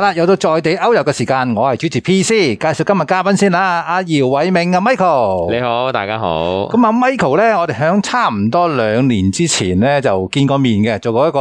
啦，又到在地歐遊嘅時間，我係主持 PC，介紹今日嘉賓先啦。阿姚偉銘啊，Michael，你好，大家好。咁啊，Michael 咧，我哋響差唔多兩年之前咧就見過面嘅，做過一個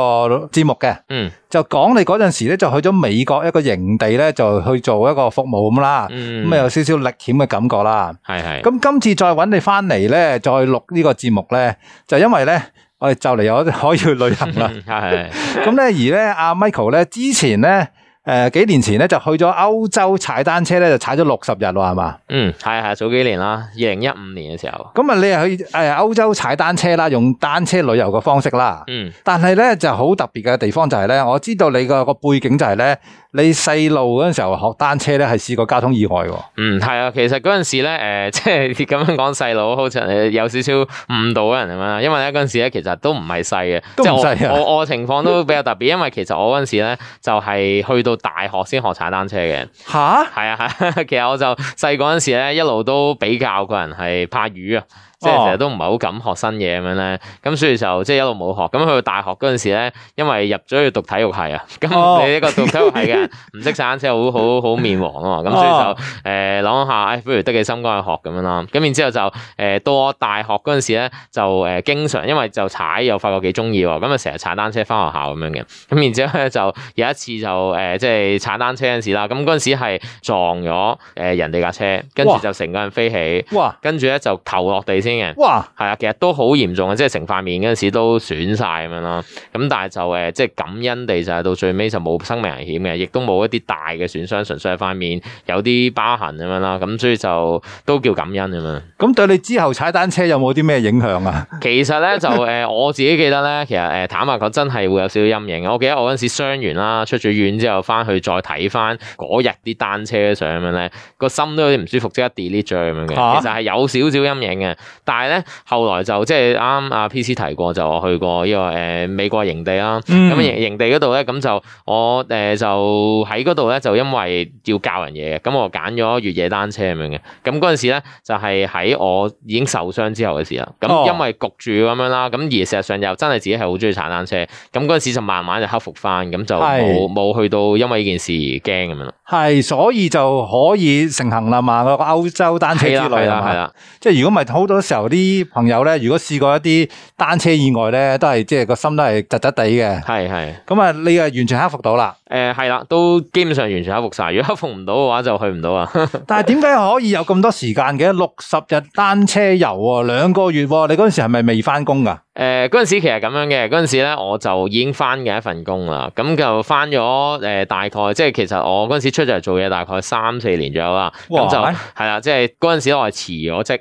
節目嘅。嗯，就講你嗰陣時咧就去咗美國一個營地咧就去做一個服務咁啦。嗯，咁啊有少少歷險嘅感覺啦。咁是今次再揾你翻嚟咧，再錄呢個節目咧，就因為咧我哋就嚟又可以去旅行啦。咁咧 而咧阿、啊、Michael 咧之前咧。誒、呃，幾年前咧就去咗歐洲踩單車咧，就踩咗六十日啦，係嘛？嗯，係係早幾年啦，二零一五年嘅時候。咁啊，你去誒歐洲踩單車啦，用單車旅遊嘅方式啦。嗯。但係咧就好特別嘅地方就係、是、咧，我知道你個、那個背景就係、是、咧。你細路嗰陣時候學單車咧，係試過交通意外嘅，哦。嗯，係啊，其實嗰陣時咧，誒、呃，即係咁樣講細路，好似有少少誤導人咁啦。因為咧嗰陣時咧，其實都唔係細嘅，都啊，即係我我我情況都比較特別。因為其實我嗰陣時咧，就係去到大學先學踩單車嘅。吓、啊？係啊係啊，其實我就細嗰陣時咧，一路都比較個人係怕魚啊。即係成日都唔係好敢學新嘢咁樣咧，咁所以就即係、就是、一路冇學。咁去到大學陣時咧，因為入咗去讀體育系啊，咁你呢個讀體育系嘅人唔識踩單車，好好好面黃啊嘛，咁所以就誒諗、欸、下，誒不如得嘅心肝去學咁樣啦。咁然之後就誒、欸、到我大學陣時咧，就誒、欸、經常因為就踩又發覺幾中意，咁啊成日踩單車返學校咁樣嘅。咁然之後咧就有一次就誒、欸、即係踩單車陣時啦，咁陣時係撞咗誒、欸、人哋架車，跟住就成個人飛起，哇跟住咧就頭落地哇，係啊，其實都好嚴重啊，即係成塊面嗰陣時都損晒咁樣咯。咁但係就誒，即係感恩地就係、是、到最尾就冇生命危險嘅，亦都冇一啲大嘅損傷，純粹係塊面有啲疤痕咁樣啦。咁所以就都叫感恩咁樣。咁對你之後踩單車有冇啲咩影響啊？其實咧就誒、呃，我自己記得咧，其實誒、呃，坦白講真係會有少少陰影。我記得我嗰陣時傷完啦，出咗院之後翻去再睇翻嗰日啲單車相咁樣咧，個心都有啲唔舒服，即刻 delete 咁樣嘅。其實係有少少陰影嘅。但係咧，後來就即係啱阿 PC 提過，就我去過呢、這個、呃、美國營地啦，咁、嗯、營、營地嗰度咧，咁就我誒、呃、就喺嗰度咧，就因為要教人嘢咁我揀咗越野單車咁樣嘅，咁嗰陣時咧就係、是、喺我已經受傷之後嘅時候，咁因為焗住咁樣啦，咁、哦、而事實上又真係自己係好中意踩單車，咁嗰陣時就慢慢就克服翻，咁就冇冇是去到因為呢件事而驚咁樣咯。係，所以就可以成行啦嘛，個歐洲單車之類啦，係啦，即係如果唔係好多時候。有啲朋友咧，如果試過一啲單車意外咧，都係即係個心都係窒窒地嘅。係係。咁啊，你啊完全克服到啦？誒係啦，都基本上完全克服晒。如果克服唔到嘅話，就去唔到啊。但係點解可以有咁多時間嘅六十日單車遊喎？兩個月喎？你嗰陣時係咪未返工㗎？誒嗰陣時其實咁樣嘅，嗰陣時咧我就已經返嘅一份工啦。咁就返咗誒大概，即係其實我嗰陣時出咗嚟做嘢大概三四年左右啦。咁哇 就係啦，即係嗰陣時我係辭咗職。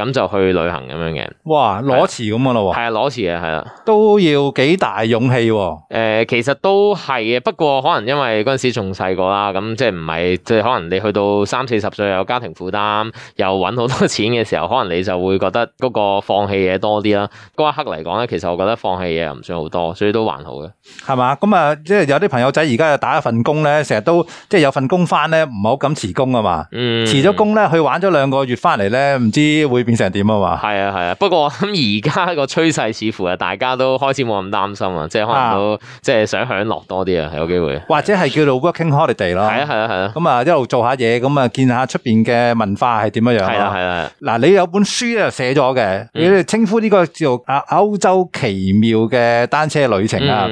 咁就去旅行咁樣嘅。哇，裸辭咁噶咯。係啊裸辭啊，係啦，的都要幾大勇氣喎。哦呃。其實都係嘅，不過可能因為嗰陣時仲細個啦，咁即係唔係即係可能你去到三四十歲有家庭負擔，又揾好多錢嘅時候，可能你就會覺得嗰個放棄嘢多啲啦。嗰一刻嚟講咧，其實我覺得放棄嘢又唔算好多，所以都還好嘅，係嘛？咁啊，即係有啲朋友仔而家又打一份工咧，成日都即係有份工翻咧，唔好咁辭工啊嘛。嗯，辭咗工咧，去玩咗兩個月翻嚟咧，唔知會。變成點啊嘛？係啊係啊，不過咁而家個趨勢似乎啊，大家都開始冇咁擔心啊，即係可能都、啊、即係想享樂多啲啊，有機會，或者係叫做 working holiday 咯。係啊係啊係啊，咁啊，啊一路做下嘢，咁啊見下出邊嘅文化係點樣樣。係啊係啊，嗱、啊，啊、你有本書咧寫咗嘅，你稱呼呢個叫做啊歐洲奇妙嘅單車旅程啊。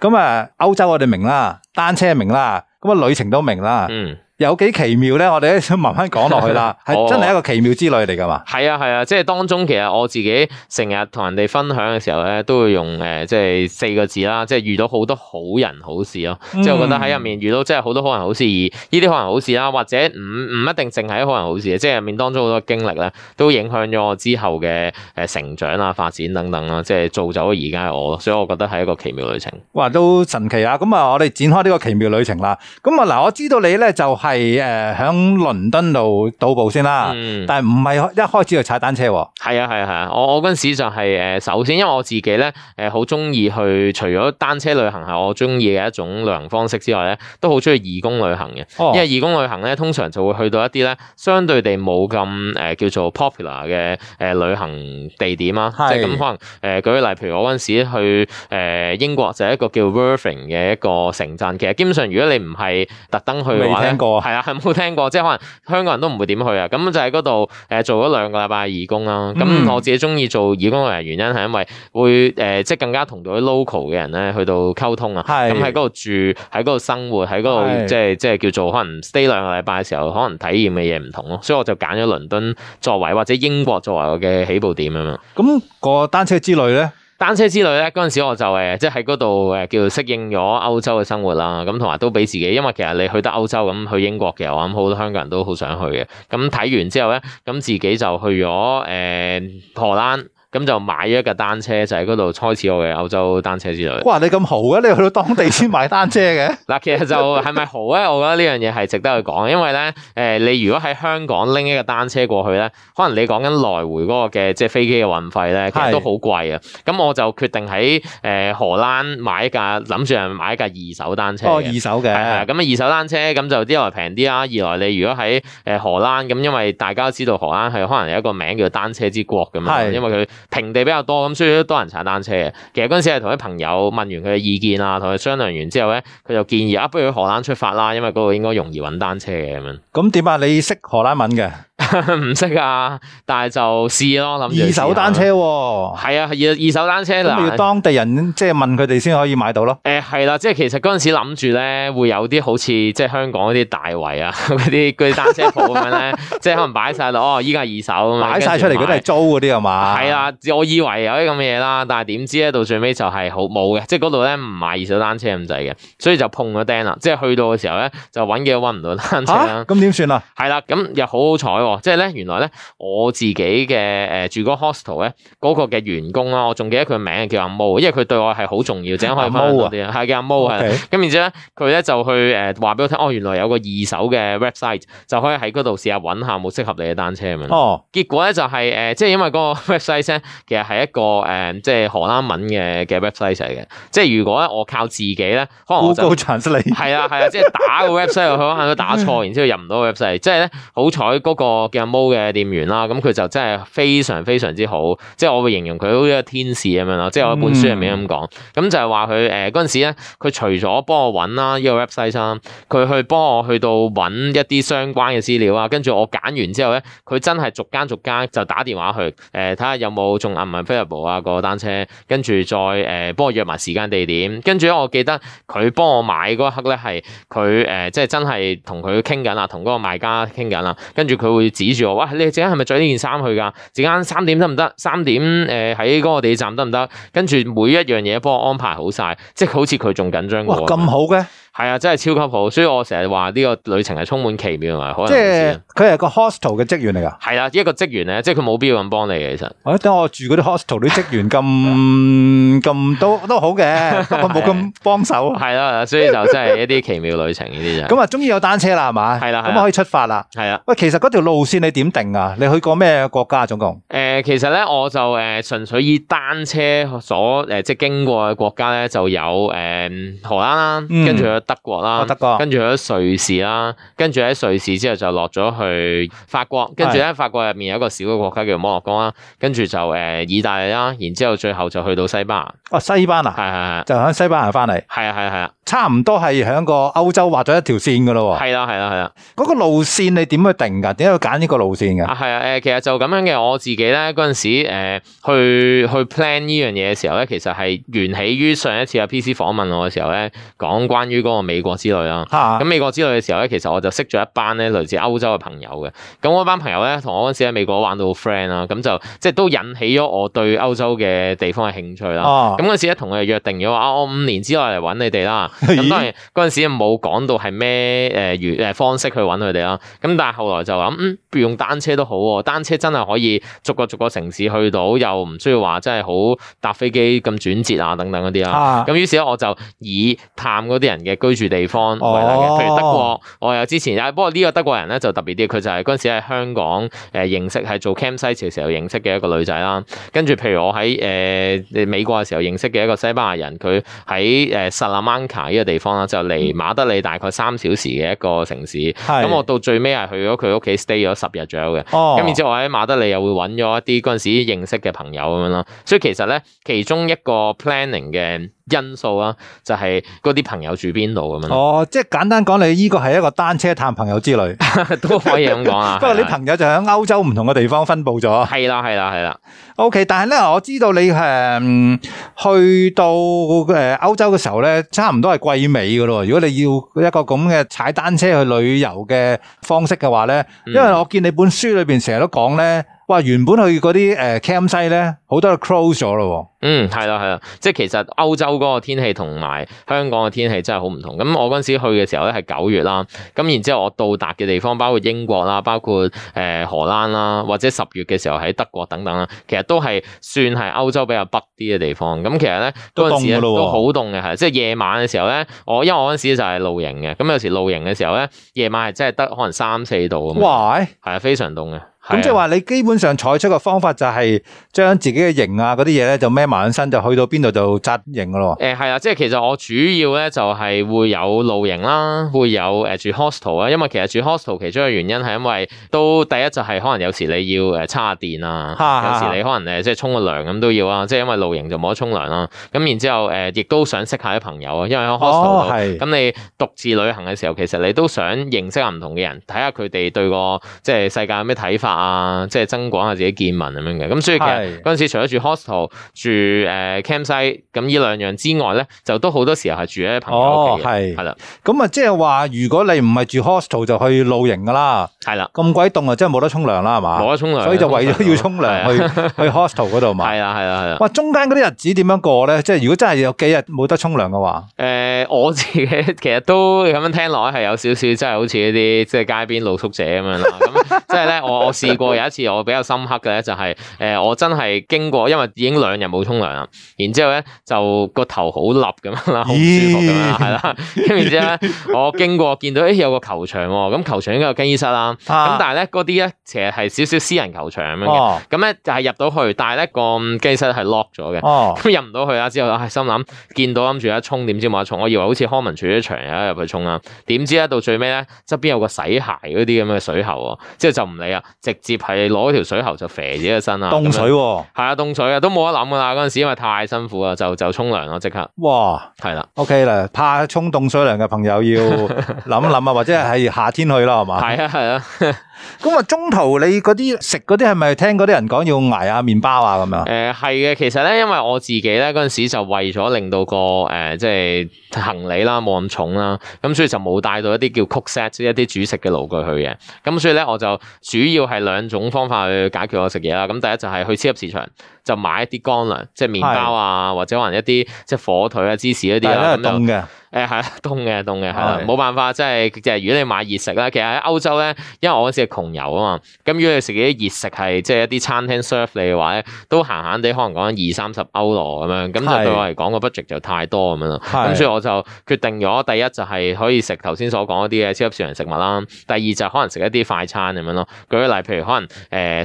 咁啊歐洲我哋明啦，單車明啦，咁啊旅程都明啦。嗯。有幾奇妙咧？我哋想慢慢講落去啦，係真係一個奇妙之旅嚟噶嘛？係 啊係啊，啊，即係當中其實我自己成日同人哋分享嘅時候咧，都會用誒、呃、即係四個字啦，即係遇到好多好人好事咯。即係我覺得喺入面遇到即係好多好人好事，呢啲、嗯、好人好事啦，或者唔唔一定淨係好人好事，即係入面當中好多經歷咧，都影響咗我之後嘅誒成長啦、發展等等啦，即係造就咗而家我，所以我覺得係一個奇，奇、啊、個奇妙旅程。哇，都神奇啊！咁啊，我哋展開呢個奇妙旅程啦。咁啊嗱，我知道你咧就係、是。係誒喺倫敦度到步先啦，嗯、但係唔係一開始就踩單車喎。係啊係啊係啊！我我嗰陣時就係、是、誒首先，因為我自己咧誒好中意去，除咗單車旅行係我中意嘅一種旅行方式之外咧，都好中意義工旅行嘅。哦、因為義工旅行咧，通常就會去到一啲咧相對地冇咁誒叫做 popular 嘅誒、呃、旅行地點啊。是即係咁可能誒、呃、舉例，譬如我嗰陣時去誒、呃、英國，就係一個叫 Wolverhampton 嘅一個城鎮。其實基本上，如果你唔係特登去玩，未聽過，啊。係啊，係冇聽過，即係可能香港人都唔會點去啊。咁就喺嗰度誒做咗兩個禮拜義工啦。咁、嗯、我自己中意做義工嘅人原因係因為會誒、呃、即係更加同到啲 local 嘅人咧去到溝通啊。咁喺嗰度住，喺嗰度生活，喺嗰度即係即係叫做可能 stay 兩個禮拜嘅時候，可能體驗嘅嘢唔同咯。所以我就揀咗倫敦作為或者英國作為我嘅起步點啊嘛。咁個單車之旅咧？單車之旅咧，嗰陣時我就誒，即係喺嗰度叫做適應咗歐洲嘅生活啦。咁同埋都俾自己，因為其實你去得歐洲咁，去英國嘅，我諗好多香港人都好想去嘅。咁睇完之後咧，咁自己就去咗誒、欸、荷蘭。咁就買咗一架單車，就喺嗰度開始我嘅歐洲單車之旅。哇！你咁豪嘅，啊，你去到當地先買單車嘅？嗱， 其實就係咪豪咧？我覺得呢樣嘢係值得去講，因為咧，誒、呃，你如果喺香港拎一個單車過去咧，可能你講緊來回嗰，那個嘅即係飛機嘅運費咧，其實都好貴啊。咁是我就決定喺誒、呃、荷蘭買一架，諗住係買一架二手單車。哦，二手嘅，咁啊，二手單車咁就一來平啲啦，二來你如果喺誒、呃、荷蘭咁，因為大家都知道荷蘭係可能有一個名叫單車之國咁啊，是因為佢。平地比較多，咁所以都多人踩單車嘅。其實嗰陣時係同啲朋友問完佢嘅意見啊，同佢商量完之後咧，佢就建議啊，不如去荷蘭出發啦，因為嗰度應該容易搵單車嘅咁樣。咁點啊？你識荷蘭文嘅？唔識啊，但係就試咯，諗住、哦啊。二手單車係啊，二二手單車你要當地人即係、嗯、問佢哋先可以買到咯。誒係啦，即係其實嗰陣時諗住咧，會有啲好似即係香港嗰啲大圍啊，嗰啲嗰啲單車鋪咁樣咧， 即係可能擺晒咯，哦依家，二手，擺晒出嚟嗰啲都係租嗰啲係嘛？係啊，我以為有啲咁嘅嘢啦，但係點知咧，到最尾就係好冇嘅，即係嗰度咧唔買二手單車咁滯嘅，所以就碰咗釘啦。即係、啊、去到嘅時候咧，就搵嘢搵唔到單車啦。咁點算啊？係啦，咁又好好彩、啊。即係咧，原來咧我自己嘅、誒、呃、住 host 呢、那個 hostel 咧，嗰個嘅員工啊，我仲記得佢名叫阿毛，因為佢對我係好重要，整、啊、可以摸啲啊，係叫阿毛啊。咁 Okay. 然之後咧，佢咧就去誒話俾我聽，哦，原來有個二手嘅 website 就可以喺嗰度試，試下搵下冇適合你嘅單車咁、oh. 樣。哦，結果咧就係、是、誒、呃，即係因為嗰個 website 咧，其實係一個誒、呃、即係荷蘭文嘅嘅 website 嚟嘅。即係如果咧我靠自己咧，可能我就係啊係啊，即係打個 website 去可能都打錯，然之後入唔到個 website。即係咧好彩、那、嗰個。我嘅 Mo 嘅店員啦，咁佢就真係非常非常之好，即係我會形容佢好似個天使咁樣咯，即係我有一本書入面咁講，咁、嗯、就係話佢誒嗰陣時咧，佢除咗幫我揾啦呢個 website 佢去幫我去到揾一啲相關嘅資料啊，跟住我揀完之後咧，佢真係逐間逐間就打電話去誒睇下有冇仲唔係 f e 啊個單車，跟住再誒幫我約埋時間地點，跟住我記得佢幫我買嗰一刻咧係佢誒即係真係同佢傾緊啦，同嗰個賣家傾緊啦，跟住佢會。指住我，哇！你哋陣間係咪着呢件衫去噶？陣間三點得唔得？三點誒，喺、呃、嗰個地鐵站得唔得？跟住每一樣嘢幫我安排好晒，即係好似佢仲緊張過。咁好嘅。係啊，真係超級好，所以我成日話呢個旅程係充滿奇妙同埋可能。即係佢係個 hostel 嘅職員嚟噶。係啦，一個職員咧，即係佢冇必要咁幫你嘅，其實、哎。我覺得我住嗰啲 hostel 啲職員咁咁 都都好嘅，佢冇咁幫手。係啦、啊，所以就真係一啲奇妙旅程呢啲。咁啊、 就是，終於有單車啦，係嘛？係啦，咁可以出發啦。係啊的。喂，其實嗰條路線你點定啊？你去過咩國家、啊？總共？誒、呃，其實咧，我就誒，純、呃、粹以單車所誒、呃，即係經過嘅國家咧，就有誒、呃、荷蘭啦，跟住、嗯。德國啦，德國，跟住喺瑞士啦，跟住喺瑞士之後就落咗去法國，跟住咧法國入面有一個小嘅國家叫摩洛哥啦，跟住就誒意大利啦，然之後最後就去到西班牙。哦，西班牙、啊，係係係，就喺西班牙翻嚟。係啊係啊係啊。差唔多係喺個歐洲畫咗一條線噶咯喎。係啦，係啦，係啦。嗰個路線你點去定㗎？點解要揀呢個路線㗎？啊，係啊，其實就咁樣嘅。我自己咧嗰陣時、啊、去去 plan 呢樣嘢嘅時候咧，其實係緣起於上一次阿 PC 訪問我嘅時候咧，講關於嗰個美國之旅啦。咁的美國之旅嘅時候咧，其實我就識咗一班咧來自歐洲嘅朋友嘅。咁嗰班朋友咧，同我嗰陣時喺美國玩到好 friend 啦，咁就即係都引起咗我對歐洲嘅地方嘅興趣啦。咁嗰、啊、時咧，同佢哋約定咗話啊，我五年之內嚟揾你哋啦。咁、嗯、當然嗰陣咦時冇講到係咩誒誒方式去揾佢哋啦。咁但係後來就諗，嗯，用單車都好喎，單車真係可以逐個逐個城市去到，又唔需要話真係好搭飛機咁轉折啊等等嗰啲啦。咁於、啊、是咧，我就以探嗰啲人嘅居住地方為例，啊、譬如德國，我有之前啊，不過呢個德國人咧就特別啲，佢就係嗰陣時喺香港誒、呃、認識，係做 campsite 嘅時候認識嘅一個女仔啦。跟住譬如我喺、呃、美國嘅時候認識嘅一個西班牙人，佢喺、呃、薩拉呢個地方啦，就離馬德里大概三小時嘅一個城市。咁、嗯、我到最尾係去咗佢屋企 stay 咗十日左右嘅。咁、哦、然之後我喺馬德里又會揾咗一啲嗰陣時認識嘅朋友咁樣啦。所以其實咧，其中一個 planning 嘅。因素啊，就係嗰啲朋友住邊度咁樣。哦，即係簡單講，你呢個係一個單車探朋友之旅， 都可以咁講啊。 不過你朋友就喺歐洲唔同嘅地方分佈咗。係啦，係啦，係啦。OK，但係咧，我知道你誒、嗯、去到誒歐洲嘅時候咧，差唔多係季尾噶咯。如果你要一個咁嘅踩單車去旅遊嘅方式嘅話咧，嗯、因為我見你本書裏面成日都講咧。哇！原本去嗰啲 campsite 咧，好、呃、多 close 咗咯。嗯，係啦，係啦，即係其實歐洲嗰個天氣同埋香港嘅天氣真係好唔同。咁我嗰陣時去嘅時候咧，係九月啦。咁然之後我到達嘅地方包括英國啦，包括、呃、荷蘭啦，或者十月嘅時候喺德國等等啦。其實都係算係歐洲比較北啲嘅地方。咁其實咧嗰陣時都好凍嘅，係即係夜晚嘅時候咧。我因為我嗰陣時就係露營嘅，咁有時露營嘅時候咧，夜晚係真係得可能三四度咁。喂係啊，非常凍嘅。咁即係話你基本上採取個方法就係將自己嘅營啊嗰啲嘢咧就孭埋身，就去到邊度就紮營噶咯。誒係啊，即係其實我主要咧就係會有露營啦，會有誒、呃、住 hostel 啊。因為其實住 hostel 其中嘅原因係因為都第一就係可能有時你要誒插下電啊，的有時你可能誒的即係沖個涼咁都要啊。即係因為露營就冇得沖涼啦。咁然後之後誒、呃、亦都想識下啲朋友啊，因為喺 hostel 度。咁、哦、你獨自旅行嘅時候，其實你都想認識下唔同嘅人，睇下佢哋對個即係世界有咩睇法。啊，即係增廣下自己見聞咁樣嘅，咁、嗯、所以其實嗰陣時除咗住 hostel 住誒、呃、campsite，咁呢兩樣之外咧，就都好多時候係住喺朋友屋企。哦，係，係啦的。咁啊，即係話如果你唔係住 hostel 就去露營噶啦，係啦的。咁鬼凍啊，真係冇得沖涼啦，係嘛？冇得沖涼，所以就為咗要沖涼的去去 hostel 嗰度買。係啦，係啦，係啦。哇，中間嗰啲日子點樣過咧？即係、嗯、如果真係有幾日冇得沖涼嘅話，誒、呃，我自己其實都咁樣聽落咧，係有少少即係好似啲即係街邊露宿者咁樣啦。咁即係咧，我我試 試過有一次我比較深刻嘅咧、就是，就係誒我真係經過，因為已經兩日冇沖涼啦，然之後咧就個頭好笠咁樣啦，好舒服咁樣啦，啦耶，跟住之後咧 我經過見到誒、哎、有個球場喎、哦，咁球場應該有更衣室啦，咁、啊、但係咧嗰啲咧其實係少少私人球場咁樣嘅，咁咧、啊、就係入到去，但係咧、個更衣室係 lock 咗嘅，咁入唔到去啊，之後係、哎、心諗見到諗住一沖點知冇得沖，我以為好似康文署嘅場而家入去沖啦，點知咧到最尾咧側邊有個洗鞋嗰啲咁嘅水喉喎，之後就唔理啊。直接係攞條水喉就肥自己個身啊。凍水係啊凍水啊，啊水都冇得諗噶啦。嗰陣時因為太辛苦啦，就就沖涼咯，即刻。哇，係啦的，OK 啦，怕沖凍水涼嘅朋友要諗一諗啊， 或者係夏天去啦，係嘛？係啊係啊。咁啊， 中途你嗰啲食嗰啲係咪聽嗰啲人講要捱下麵包啊咁樣？誒係嘅，其實咧因為我自己咧嗰陣時就為咗令到個誒、呃、即係行李啦冇咁重啦，咁所以就冇帶到一啲叫 cookset 即係一啲煮食嘅爐具去嘅。咁所以咧我就主要係。兩種方法去解決我食嘢啦，咁第一就係去超級市場就買一啲乾糧，即係麪包啊，是或者可能一啲即係火腿啊、芝士一啲啦咁樣。誒係啊，凍嘅，凍嘅，係啊，冇辦法，即係即係，如果你買熱食咧，其實喺歐洲咧，因為我嗰時係窮遊啊嘛，咁如果你食啲熱食係即係一啲餐廳 serve 你嘅話咧，都閒閒地可能講緊二三十歐羅咁樣，咁就對我嚟講個 budget 就太多咁樣啦，咁所以我就決定咗，第一就係可以食頭先所講嗰啲嘅超級市場食物啦，第二就可能食一啲快餐咁樣咯。舉個例，譬如可能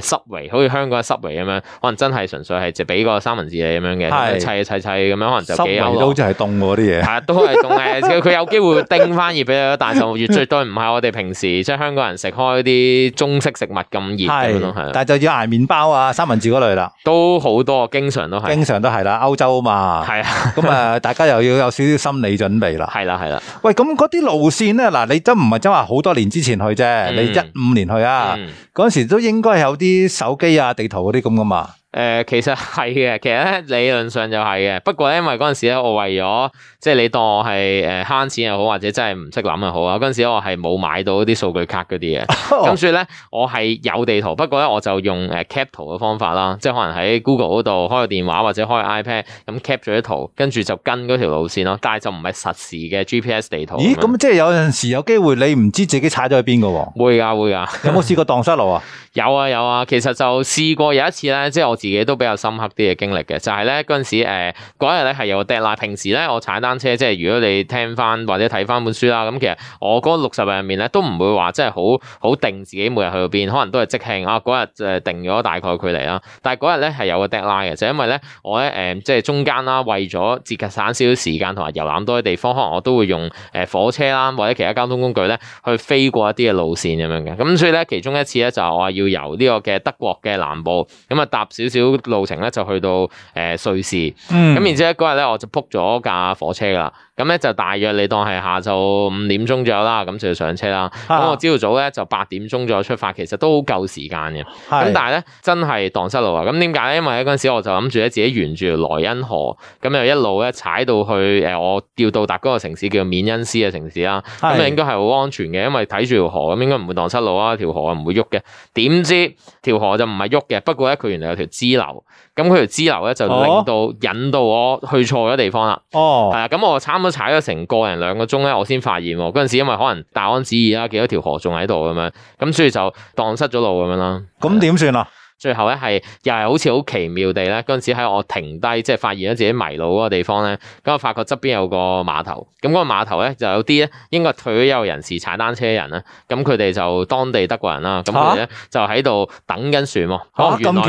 誒 Subway，好、呃、似香港嘅 Subway 咁樣，可能真係純粹係就俾個三文治咁樣嘅，砌砌砌咁樣，可能就幾歐。Subway 都好似係凍喎啲嘢，係啊，都係凍。係佢有機會叮翻熱俾你，但係就越最多唔係我哋平時即係香港人食開啲中式食物咁熱咁，但係就要捱麵包啊、三文治嗰類啦，都好多，經常都係，經常都係啦，歐洲啊嘛。係啊，咁啊，大家又要有少少心理準備啦。係啦，係啦。喂，咁嗰啲路線咧，嗱，你真唔係真話好多年之前去啫，你一五年去啊，嗰、嗯、時都應該有啲手機啊、地圖嗰啲咁噶嘛？誒其實係嘅，其實咧理論上就係嘅，不過呢因為嗰陣時咧，我為咗即係你當我係誒慳錢又好，或者真係唔識諗又好啊，嗰陣時我係冇買到啲數據卡嗰啲嘅，咁所以咧我係有地圖，不過咧我就用 Cap 圖嘅方法啦，即係可能喺 Google 嗰度開個電話或者開 iPad，咁 Cap 咗啲圖，跟住就跟嗰條路線咯，但係就唔係實時嘅 GPS 地圖。咦？咁嗎即係有陣時有機會你唔知自己踩咗去邊㗎喎？會㗎會㗎。 有冇試過蕩失路 啊？有啊有啊，其實就試過有一次咧，即係我。自己都比較深刻啲嘅經歷嘅，就係咧嗰陣時呃、嗰日咧係有個 deadline，平時咧我踩單車，即係如果你聽翻或者睇翻本書啦，咁其實我嗰六十日入面咧都唔會話即係好好定自己每日去到邊，可能都係即興啊。嗰日、呃、定咗大概距離啦，但係嗰日咧係有個 deadline 嘅，就係、因為咧我咧、呃、即係中間啦，為咗節省少少時間同埋遊覽多啲地方，可能我都會用火車啦或者其他交通工具咧去飛過一啲嘅路線咁樣嘅。咁所以咧其中一次咧就係、我話要由呢個嘅德國嘅南部，咁、嗯、啊搭少少少路程咧就去到誒瑞士，咁、嗯、然之後嗰日咧我就撲咗架火車啦。咁咧就大約你當係下晝五點鐘左右啦，咁就要上車啦。咁、啊、我朝早咧就八點鐘左右出發，其實都好夠時間嘅。咁的但係咧真係蕩失路啊！咁點解咧？因為咧嗰陣時我就諗住咧自己沿住萊茵河，咁又一路咧踩到去、呃、我調到達嗰個城市叫做綿恩斯嘅城市啦。咁啊應該係好安全嘅，因為睇住條河，咁應該唔會蕩失路啊。條河唔會喐嘅。點知條河就唔係喐嘅。不過咧佢原來有條支流，咁佢條支流咧就令到、哦、引到我去錯咗地方啦。哦，係啊，咁我都踩咗成個人兩個鐘咧，我先發現嗰陣時，因為可能大安旨意啦，幾多條河仲喺度咁樣，咁所以就蕩失咗路咁樣啦。咁點算啊？最後咧係又係好似好奇妙地咧，嗰陣時喺我停低，即係發現咗自己迷路嗰個地方咧。咁我發覺側邊有個碼頭，咁嗰個碼頭咧就有啲咧，應該退休人士踩單車人啦。咁佢哋就當地德國人啦。咁佢哋咧就喺度等緊船喎。吓咁、啊哦啊、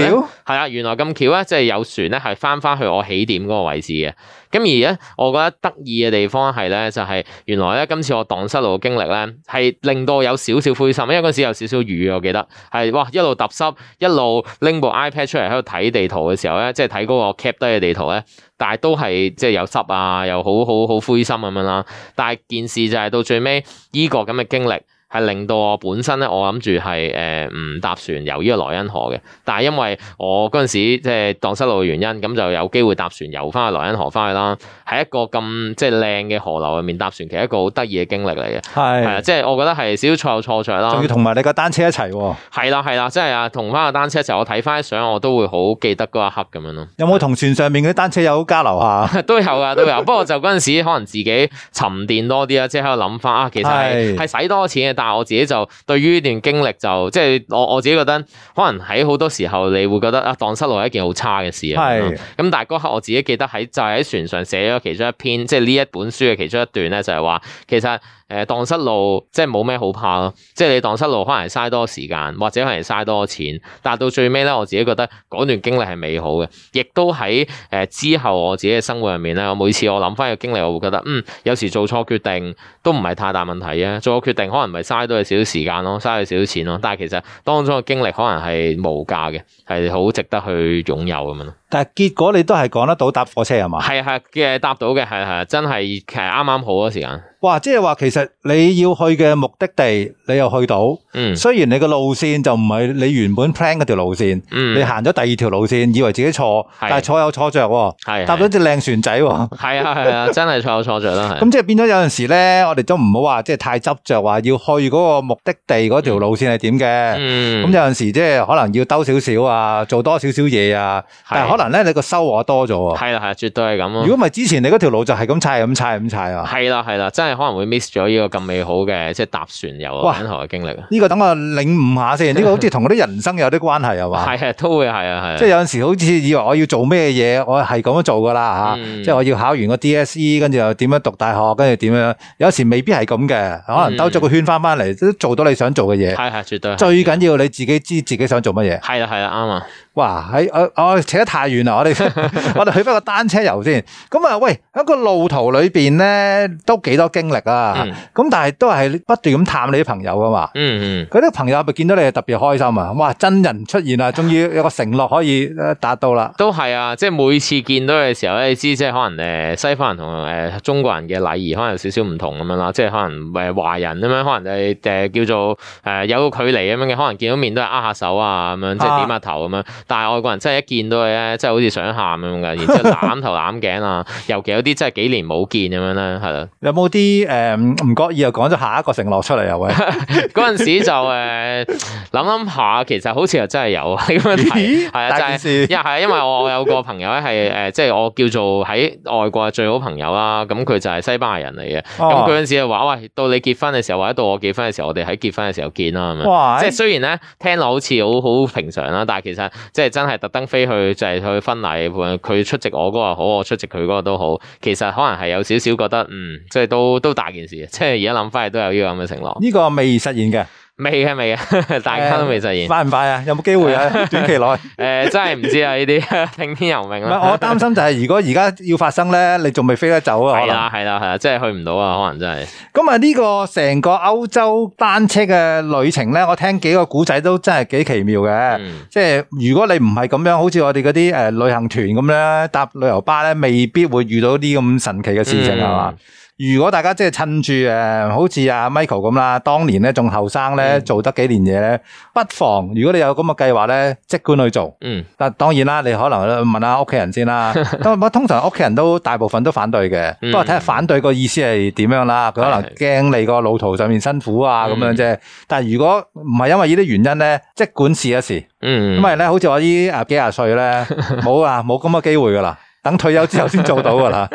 橋係啊，原來咁橋咧，即係有船咧，係返返去我起點嗰個位置嘅。咁而咧，我覺得得意嘅地方係咧，就係、是、原來咧，今次我蕩失路嘅經歷咧，係令到有少少灰心，因為嗰陣時有少少雨，我記得係哇一路揼濕一路。拎部 iPad 出嚟喺度睇地圖嘅時候咧，即係睇嗰個 cap 低嘅地圖咧，但係都係即係有濕啊，又好好好灰心咁樣啦。但係件事就係到最尾依個咁嘅經歷，係令到我本身咧，我諗住係誒唔搭船遊呢個萊茵河嘅，但係因為我嗰陣時即係蕩失路嘅原因，咁就有機會搭船遊翻去萊茵河翻去啦。喺一個咁即係靚嘅河流入面搭船，其實一個好得意嘅經歷嚟嘅。係是，即係、就是、我覺得係少少錯有錯着啦。仲要同埋你個單車一齊喎、哦。係啦係啦，即係啊同翻個單車一齊，我睇翻啲相，我都會好記得嗰一刻咁樣咯。有冇同船上面嗰啲單車有交流下？都有啊都有， 不過就嗰陣時可能自己沉澱多啲啦，即係喺度諗翻啊，其實係使的多錢嘅。但係我自己就對於呢段經歷就即係、就是、我我自己覺得可能喺好多時候你會覺得啊，蕩失路係一件好差嘅事啊，咁是的 但係嗰刻我自己記得喺就喺、是、船上寫咗其中一篇，即係呢一本書嘅其中一段咧、呃，就係話其實誒蕩失路即係冇咩好怕咯，即、就、係、是、你蕩失路可能嘥多時間或者可能係嘥多錢，但係到最尾咧我自己覺得嗰段經歷係美好嘅，亦都喺誒、呃、之後我自己嘅生活入面咧，我每次我諗翻個經歷，我會覺得嗯有時做錯決定都唔係太大問題啊，做個決定可能唔係。嘥多咗少少時間咯，嘥咗少少錢咯，但係其實當中嘅經歷可能係無價嘅，係好值得去擁有咁樣咯。但係結果你都係講得到搭火車，係嘛？係係嘅，搭到嘅。係，係真係，其實啱啱好嗰時間。哇，即係話，其實你要去嘅目的地你又去到。嗯，雖然你個路線就唔係你原本 plan 嗰條路線，嗯，你行咗第二條路線，以為自己錯，是但係錯有錯着。哦，係搭到隻靚船仔。哦，係啊，係啊，真係錯有錯着啦，咁 即係變咗有陣時咧，我哋都唔好話即係太執着，話要去嗰個目的地嗰條路線係點嘅，嗯，咁有陣時即係可能要兜少少啊，做多少少嘢啊，的但可。可能咧，你個收穫多咗啊！係啦，係絕對係咁。如果唔係之前你嗰條路就係咁踩，咁踩，咁踩啊。係啦，係啦，真係可能會 miss 咗呢個咁美好嘅，即係搭船遊海嘅經歷。呢個等我領悟下先。呢、這個好似同嗰啲人生有啲關係啊嘛。係啊， 都會係啊，係。即係有陣時好似以為我要做咩嘢，我係咁樣做噶啦吓。嗯、即係我要考完個 DSE，跟住又點樣讀大學，跟住點樣？有時未必係咁嘅，可能兜咗個圈翻翻嚟都做到你想做嘅嘢。係係絕對。最緊要你自己知自己想做乜嘢。係啊，係啊，啱啊！哇！喺我我扯得太遠啦，我哋 我哋去返個單車遊先。咁啊，喂！喺個路途裏邊咧，都幾多經歷啊！咁、嗯、但係都係不斷咁探你啲朋友噶嘛。嗯嗯。佢啲朋友咪見到你係特別開心啊！哇！真人出現啦，終於有個承諾可以誒達到啦。都係啊！即係每次見到嘅時候咧，你知即係可能誒西方人同誒中國人嘅禮儀可能有少少唔同咁樣啦。即係可能誒華人咁樣，可能係誒叫做誒有個距離咁樣嘅，可能見到面都係握下手啊咁樣，即係點下頭咁樣。但係外國人真係一見到佢咧，真係好似想喊咁嘅，然之後攬頭攬頸啊！ 尤其有啲真係幾年冇見咁樣啦。係啦。有冇啲誒唔覺意又講咗下一個承諾出嚟又喂，嗰陣 時就誒諗諗下，其實好似又真係有啊咁樣。係 啊，就係、係、 因為我有個朋友咧係誒，即、就、係、係、我叫做喺外國最好朋友啦。咁佢就係西班牙人嚟嘅。咁嗰陣時就話喂，到你結婚嘅時候，或者到我結婚嘅時候，我哋喺結婚嘅時候見啦咁樣。哇 即係雖然咧聽落好似好好平常啦，但係其實。即係真係特登飛去就係去婚禮，佢出席我嗰個好，我出席佢嗰個都好。其實可能係有少少覺得，嗯，即係都都大件事。即係而家諗翻嚟，都有呢個咁嘅承諾。呢個未實現嘅。未嘅，未嘅，大家都未實現。快唔快啊？有冇機會啊？欸、短期內，誒、欸，真係唔知啊！呢啲聽天由命咯。唔係，我擔心就係如果而家要發生咧， 你仲未飛得走啊？可能。係啦，係啦，係啦，真係去唔到啊！可能真係。咁啊，呢個成個歐洲單車嘅旅程咧，我聽幾個古仔都真係幾奇妙嘅。嗯、即係如果你唔係咁樣，好似我哋嗰啲誒旅行團咁咧，搭旅遊巴咧，未必會遇到啲咁神奇嘅事情係嘛？嗯如果大家即係趁住，誒，好似阿 Michael 咁啦，當年咧仲後生咧，嗯、做得幾年嘢咧，不妨如果你有咁嘅計劃咧，即管去做。嗯，但當然啦，你可能問下屋企人先啦。 通常屋企人都大部分都反對嘅，不過睇下反對個意思係點樣啦。佢可能驚你個路途上面辛苦啊咁，嗯、樣啫。但係如果唔係因為呢啲原因咧，即管試一試。嗯，因為咧，好似我呢阿幾廿歲咧，冇啊，冇咁嘅機會噶啦。等退休之後先做到噶啦，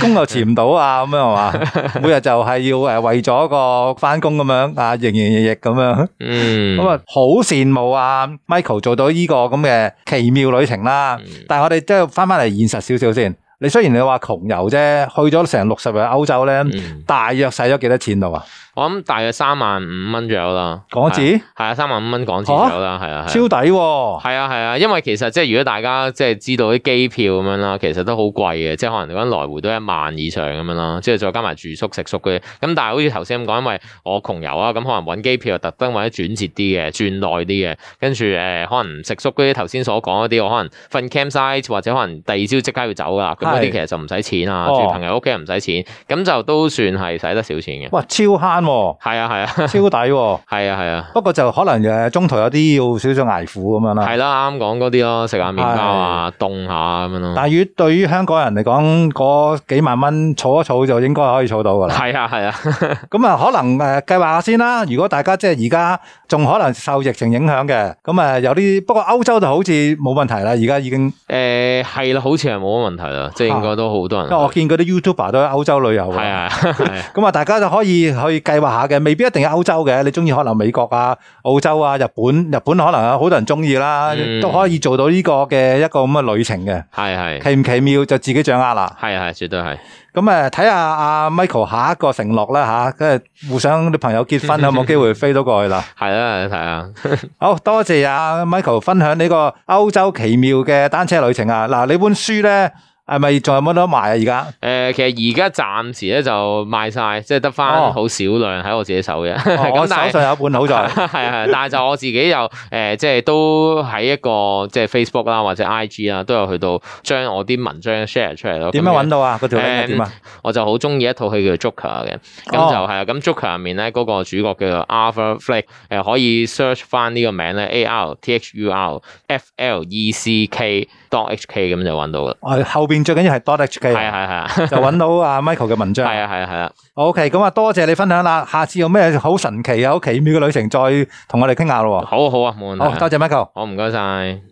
工又辭唔到啊，咁樣係嘛，每日就係要誒為咗個翻工咁樣，羨慕啊，營營役役咁樣，嗯，咁啊好羨慕啊，Micheal 做到呢個咁嘅奇妙旅程啦，嗯、但係我哋即係翻翻嚟現實少少先，你雖然你話窮遊啫，去咗成六十日歐洲咧，嗯、大約使咗幾多錢度啊？我諗大約三萬五蚊左右啦，港紙？係啊，三、啊、萬五蚊港紙左右啦，係啊，超抵喎！係啊係啊，啊，啊，因為其實即係如果大家即係知道啲機票咁樣啦，其實都好貴嘅，即係可能嗰啲來回都一萬以上咁樣啦，即係再加埋住宿食宿嘅，咁但係好似頭先咁講，因為我窮遊啊，咁可能搵機票又特登或者轉折啲嘅，轉耐啲嘅，跟住誒、呃、可能食宿嗰啲頭先所講嗰啲，我可能瞓 campsite 或者可能第二朝即刻要走噶，咁嗰啲其實就唔使錢啊，哦、住朋友屋企又唔使錢，咁就都算係使得少錢嘅。哇，超係啊係啊，超抵喎！係啊係啊，不過就可能中途有啲要少少捱苦咁樣啦。係啦，啱講嗰啲咯，食下麵包啊，凍下咁樣咯。但係對對於香港人嚟講，嗰幾萬蚊儲一儲就應該可以儲到㗎啦。係啊係啊，咁啊可能計劃下先啦。如果大家即係而家仲可能受疫情影響嘅，咁啊有啲不過歐洲就好似冇問題啦，而家已經誒係啦，好似係冇問題啦，即係應該都好多人。因為我見嗰啲 YouTuber 都喺歐洲旅遊㗎。係係係，咁啊大家就可以可以計劃下嘅，未必一定係歐洲嘅。你中意，可能美國啊、澳洲啊、日本，日本可能有好多人中意啦，都可以做到呢個嘅一個咁嘅旅程嘅。係係，奇唔奇妙就自己掌握啦。係係，絕對係。咁啊，睇下阿 Michael 下一個承諾啦吓，跟住互相啲朋友結婚有冇機會飛到過去啦？係啦，係啊，係啊。好多謝阿 Michael 分享呢個歐洲奇妙嘅單車旅程啊！嗱，你本書咧。係咪仲有乜得賣啊？而家誒，其實而家暫時咧就賣晒，即係得翻好少量喺我自己手嘅。哦、 但我手上有一半好在，係係，但係就我自己又誒、呃，即係都喺一個即係 Facebook 啦，或者 IG 啦，都有去到將我啲文章 share 出嚟咯。點樣揾到啊？嗰條 link 我就好中意一套戲叫做的《Joker 嘅、哦，咁就係、是、啊。咁 Joker 入面咧，嗰、那個主角叫做 Arthur Fleck，、呃、可以 search 翻呢個名咧，A R T H U R F L E C K dot H K，咁就揾到啦。我後邊最緊要係 dot HK、啊啊啊、就揾到、啊、Michael 嘅文章。OK 咁啊，啊，啊 okay, 多謝你分享啦，下次有咩好神奇、好奇妙嘅旅程再跟，再同我哋傾下咯。好啊好啊，冇問題。好，多謝 Michael，好唔該晒。謝謝